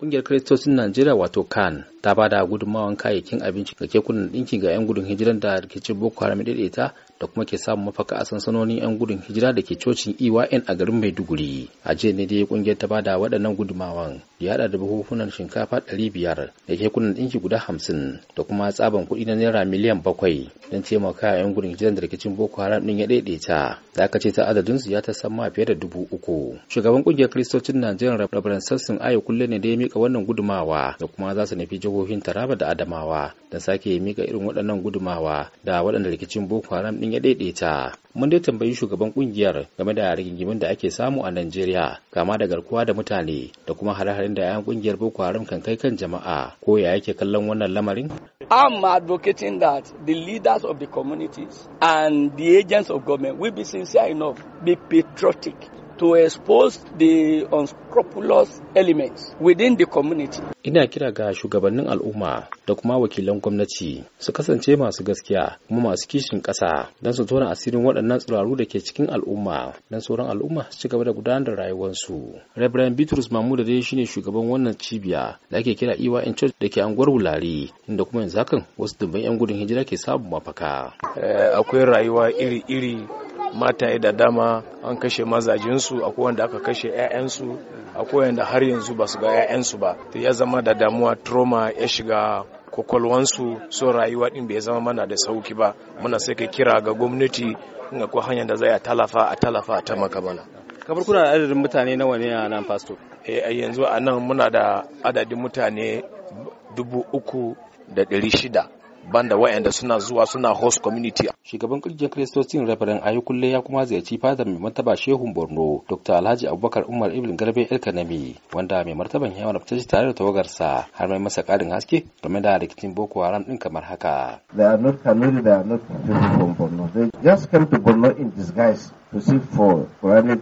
Kungiyar Kiristocin Najeriya wato kan ta bada gudunmawan kayayyakin abinci ga kekunan ɗinki ga 'yan gudun hijiran da rikicin Boko Haram ita. da kuma ke samun mafaka a sansanonin 'yan gudun hijira da ke cocin EYN a garin Maiduguri. A jiya ne dai kungiyar ta bada waɗannan gudumawan ya haɗa da buhuhunan shinkafa 500 da kekunan ɗinki guda 50 da kuma tsaban kuɗi na naira miliyan 7 don taimaka 'yan gudun hijiran da rikicin Boko Haram ɗin ya ta. Da aka ce ta adadin su ya ta ma fiye da dubu uku. Shugaban kungiyar Kiristocin Najeriya Reverend Sassin Ayo kulle ne da ya mika wannan gudumawa da kuma za su nufi jihohin Taraba da Adamawa don sake mika irin waɗannan gudumawa da waɗanda rikicin Boko Haram ɗin an ya daidaita mun dai tambayi shugaban kungiyar game da rigingimin da ake samu a Najeriya kama da garkuwa da mutane da kuma hare-haren da 'yan kungiyar Boko Haram kan kai kan jama'a ko ya yake kallon wannan lamarin? I'm advocating that the leaders of the communities and the agents of government will be sincere enough, be patriotic to expose the unscrupulous elements within the community. Ina kira ga shugabannin al'umma da kuma wakilan gwamnati su kasance masu gaskiya kuma masu kishin ƙasa don su tona asirin waɗannan tsiraru da ke cikin al'umma don sauran al'umma su ci gaba da gudanar da rayuwarsu. Reverend Bitrus Mahmuda dai shine shugaban wannan cibiya da ake kira Iwa e in Church da ke anguwar Wulare inda kuma yanzu hakan wasu dubban 'yan gudun hijira ke samun mafaka. Eh, akwai rayuwa iri-iri mataye da dama an kashe mazajinsu akwai wanda aka kashe 'ya'yansu akwai wanda har yanzu ba su ga 'ya'yansu ba ta ya zama da damuwa trauma ya shiga kwakwalwansu so rayuwa din bai zama mana da sauki ba muna sai ka kira ga gwamnati in akwai hanyar da zai a talafa a talafa a tamaka mana kamar kuna da adadin mutane nawa ne a nan pastor eh yanzu a nan muna da adadin mutane dubu uku da ɗari shida banda wayanda suna zuwa suna host community shugaban kungiyar kristocin reverend ayi kulle ya kuma ziyarci fadar mai martaba shehun borno dr alhaji abubakar umar ibn garbe elkanami wanda mai martaban ya wani shi tare da tawagarsa har mai masa karin haske game da rikicin boko haram ɗin kamar haka they are not kanuri they are not from borno they just came to borno in disguise to seek for granted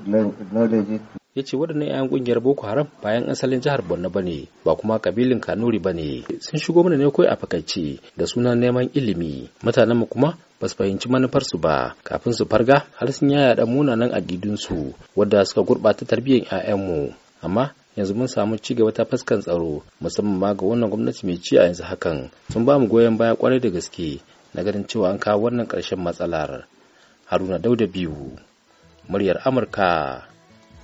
knowledge to ya ce waɗannan 'yan ƙungiyar boko haram bayan asalin jihar borno ba ne ba kuma kabilin kanuri ba ne sun shigo mana ne kawai a fakaice da sunan neman ilimi mutanenmu kuma ba su fahimci manufarsu ba kafin su farga har sun yaya da munanan adidinsu wadda suka gurɓata tarbiyyar 'ya'yan mu amma yanzu mun samu ci gaba ta fuskan tsaro musamman ma ga wannan gwamnati mai ci a yanzu hakan sun ba mu goyon baya kwarai da gaske na ganin cewa an kawo wannan ƙarshen matsalar haruna dauda biyu muryar amurka